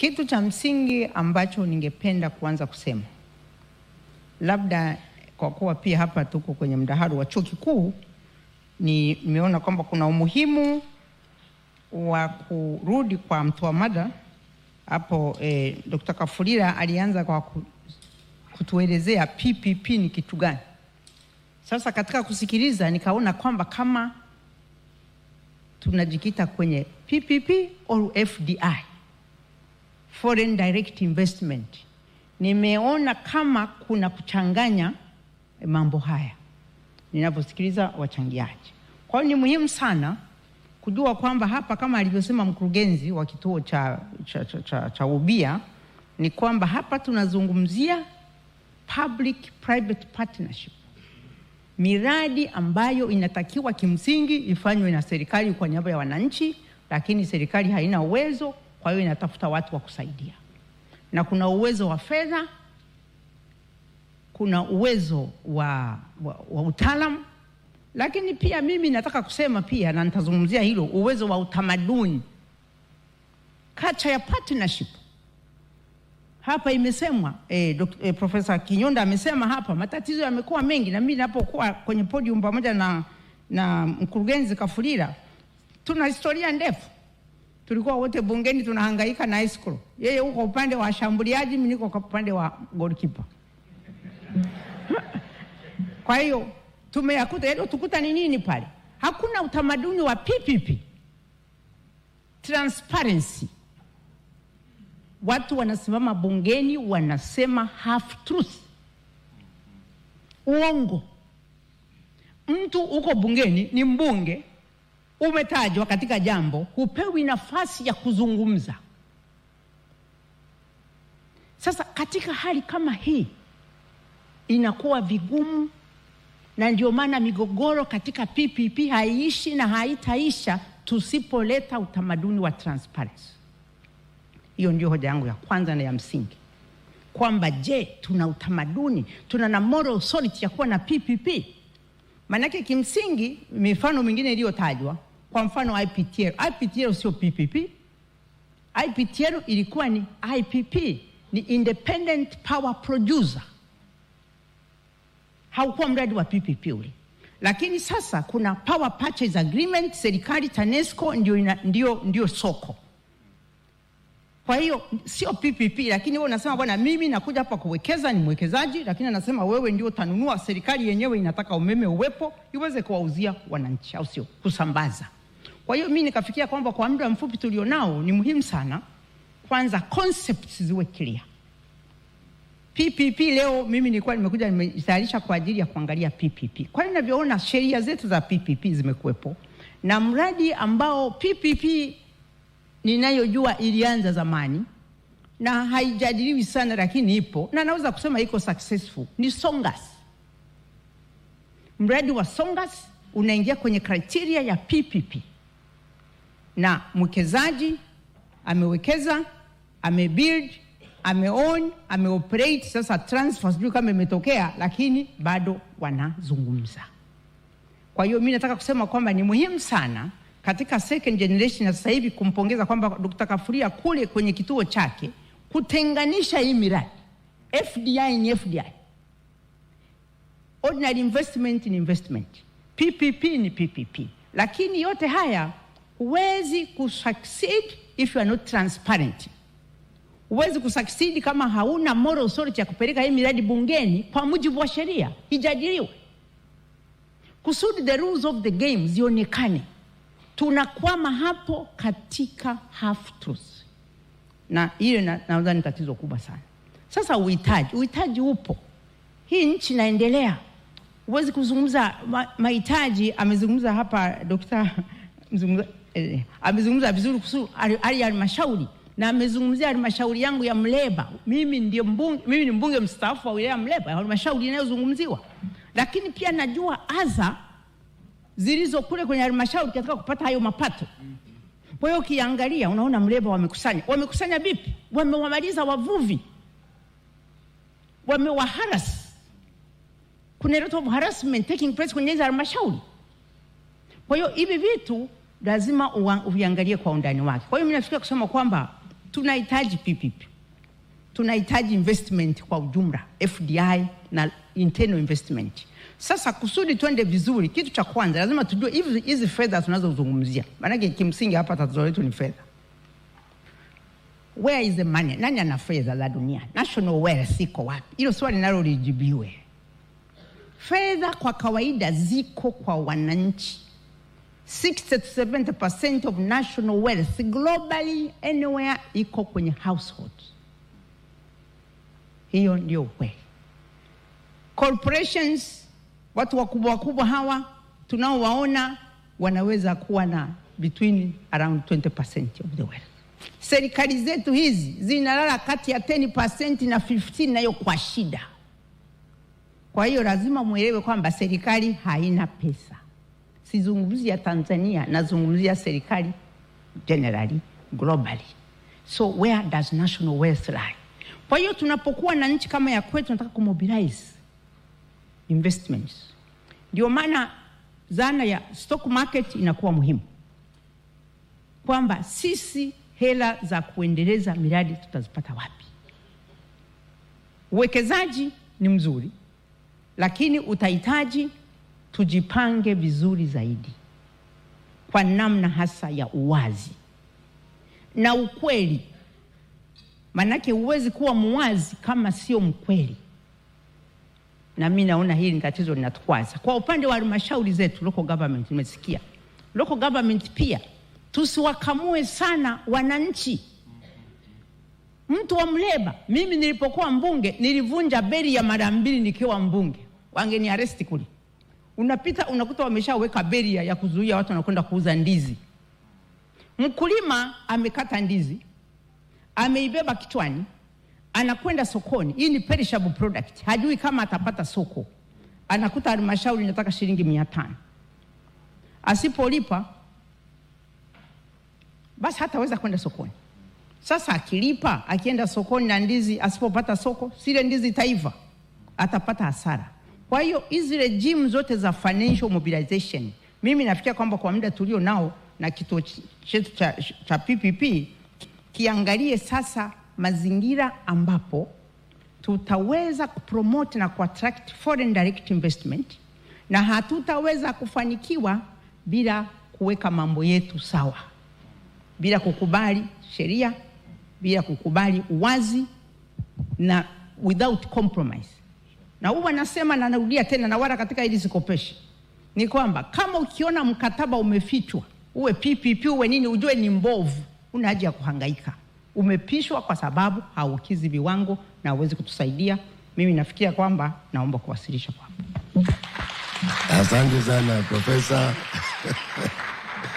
Kitu cha msingi ambacho ningependa kuanza kusema, labda kwa kuwa pia hapa tuko kwenye mdahalo wa chuo kikuu, nimeona kwamba kuna umuhimu wa kurudi kwa mtoa mada hapo. Eh, Dr. Kafulila alianza kwa kutuelezea PPP ni kitu gani. Sasa katika kusikiliza nikaona kwamba kama tunajikita kwenye PPP au FDI foreign direct investment, nimeona kama kuna kuchanganya mambo haya ninavyosikiliza wachangiaji. Kwa hiyo ni muhimu sana kujua kwamba hapa kama alivyosema mkurugenzi wa kituo cha, cha, cha, cha, cha ubia ni kwamba hapa tunazungumzia public private partnership, miradi ambayo inatakiwa kimsingi ifanywe na serikali kwa niaba ya wananchi, lakini serikali haina uwezo kwa hiyo inatafuta watu wa kusaidia, na kuna uwezo wa fedha, kuna uwezo wa, wa, wa utaalamu, lakini pia mimi nataka kusema pia, na nitazungumzia hilo, uwezo wa utamaduni, kacha ya partnership hapa imesemwa eh, eh, Profesa Kinyonda amesema hapa matatizo yamekuwa mengi, na mimi ninapokuwa kwenye podium pamoja na, na mkurugenzi Kafulila tuna historia ndefu tulikuwa wote bungeni tunahangaika na ice yeye uko upande wa washambuliaji, mimi niko kwa upande wa goalkeeper. Kwa hiyo tumeyakuta yale, yaani tukuta ni nini pale? Hakuna utamaduni wa PPP, transparency. Watu wanasimama bungeni wanasema half truth, uongo. Mtu uko bungeni ni mbunge umetajwa katika jambo hupewi nafasi ya kuzungumza. Sasa katika hali kama hii inakuwa vigumu, na ndio maana migogoro katika PPP haiishi na haitaisha tusipoleta utamaduni wa transparency. Hiyo ndio hoja yangu ya kwanza na ya msingi kwamba je, tuna utamaduni, tuna na moral authority ya kuwa na PPP? Maanake kimsingi mifano mingine iliyotajwa kwa mfano IPTL, IPTL sio PPP. IPTL ilikuwa ni IPP, ni independent power producer, haukuwa mradi wa PPP ule. Lakini sasa kuna power purchase agreement, serikali TANESCO ndio, ndio, ndio soko. Kwa hiyo sio PPP, lakini wewe unasema bwana, mimi nakuja hapa kuwekeza, ni mwekezaji, lakini anasema wewe ndio utanunua. Serikali yenyewe inataka umeme uwepo iweze kuwauzia wananchi, au sio kusambaza. Kwa hiyo mimi nikafikia kwamba kwa muda mfupi tulionao ni muhimu sana kwanza concepts ziwe clear. PPP leo mimi nilikuwa nimekuja nimejitayarisha kwa ajili ya kuangalia PPP. Kwa hiyo ninavyoona sheria zetu za PPP zimekuwepo na mradi ambao PPP ninayojua ilianza zamani na haijadiliwi sana, lakini ipo na naweza kusema iko successful ni Songas. Mradi wa Songas unaingia kwenye criteria ya PPP na mwekezaji amewekeza, amebuild, ameown, ameoperate. Sasa transfer sijui kama imetokea, lakini bado wanazungumza. Kwa hiyo mimi nataka kusema kwamba ni muhimu sana katika second generation ya sasa hivi kumpongeza kwamba Dkt. Kafuria kule kwenye kituo chake kutenganisha hii miradi FDI ni FDI, ordinary investment ni investment, PPP ni PPP, lakini yote haya Huwezi kusucceed if you are not transparent. Huwezi kusucceed kama hauna moral authority ya kupeleka hii miradi bungeni kwa mujibu wa sheria ijadiliwe, kusudi the rules of the game zionekane. Tunakwama hapo katika half truth, na hiyo nadhani ni tatizo kubwa sana. Sasa uhitaji, uhitaji upo. Hii nchi inaendelea, huwezi kuzungumza mahitaji. Amezungumza hapa Dokta eh, amezungumza vizuri kuhusu ali halmashauri na amezungumzia halmashauri yangu ya Mleba. Mimi ndio mbunge, mimi ni mbunge mstaafu wa wilaya Mleba, halmashauri inayozungumziwa. Lakini pia najua adha zilizo kule kwenye halmashauri katika kupata hayo mapato. Kwa hiyo ukiangalia, unaona Mleba wamekusanya, wamekusanya vipi? Wamewamaliza wavuvi, wamewaharas. Kuna lot of harassment taking place kwenye hizo halmashauri. Kwa hiyo hivi vitu lazima uiangalie kwa undani wake. Kwa hiyo mimi nafikiria kusema kwamba tunahitaji PPP, tunahitaji investment kwa ujumla, FDI na internal investment. Sasa kusudi twende vizuri, kitu cha kwanza lazima tujue hivi hizi fedha tunazozungumzia, maanake kimsingi hapa tatizo letu ni fedha. Where is the money? Nani ana fedha za dunia? National wealth siko wapi? Hilo swali nalo lijibiwe. Fedha kwa kawaida ziko kwa wananchi 67% of national wealth globally anywhere iko kwenye household. Hiyo ndio ukweli. Corporations, watu wakubwa wakubwa hawa tunaowaona wanaweza kuwa na between around 20% of the wealth. Serikali zetu hizi zinalala kati ya 10% na 15 nayo kwa shida. Kwa hiyo lazima mwelewe kwamba serikali haina pesa sizungumzia Tanzania, nazungumzia serikali generally globally. So where does national wealth lie? Kwa hiyo tunapokuwa na nchi kama ya kwetu, tunataka kumobilize investments, ndio maana zana ya stock market inakuwa muhimu, kwamba sisi hela za kuendeleza miradi tutazipata wapi? Uwekezaji ni mzuri, lakini utahitaji tujipange vizuri zaidi kwa namna hasa ya uwazi na ukweli, manake huwezi kuwa muwazi kama sio mkweli. Na mimi naona hili ni tatizo linatukwaza kwa upande wa halmashauri zetu, local government. Nimesikia local government pia, tusiwakamue sana wananchi. Mtu wa Mleba, mimi nilipokuwa mbunge nilivunja beli ya mara mbili nikiwa mbunge, aresti kule unapita unakuta wameshaweka beria ya kuzuia watu wanakwenda kuuza ndizi. Mkulima amekata ndizi, ameibeba kichwani, anakwenda sokoni. Hii ni perishable product, hajui kama atapata soko. Anakuta halmashauri inataka shilingi mia tano, asipolipa basi hataweza kwenda sokoni. Sasa akilipa, akienda sokoni na ndizi, asipopata soko, sile ndizi itaiva, atapata hasara. Kwa hiyo hizi rejimu zote za financial mobilization, mimi nafikia kwamba kwa muda tulio nao na kituo chetu cha, cha PPP kiangalie sasa mazingira ambapo tutaweza kupromote na kuattract foreign direct investment, na hatutaweza kufanikiwa bila kuweka mambo yetu sawa, bila kukubali sheria, bila kukubali uwazi na without compromise na huwa nasema na narudia tena, na wala katika hili zikopeshe, ni kwamba kama ukiona mkataba umefichwa, uwe PPP uwe nini, ujue ni mbovu, una haja ya kuhangaika. Umepishwa kwa sababu haukizi viwango na hauwezi kutusaidia. Mimi nafikia kwamba naomba kuwasilisha kwamba. Asante sana profesa.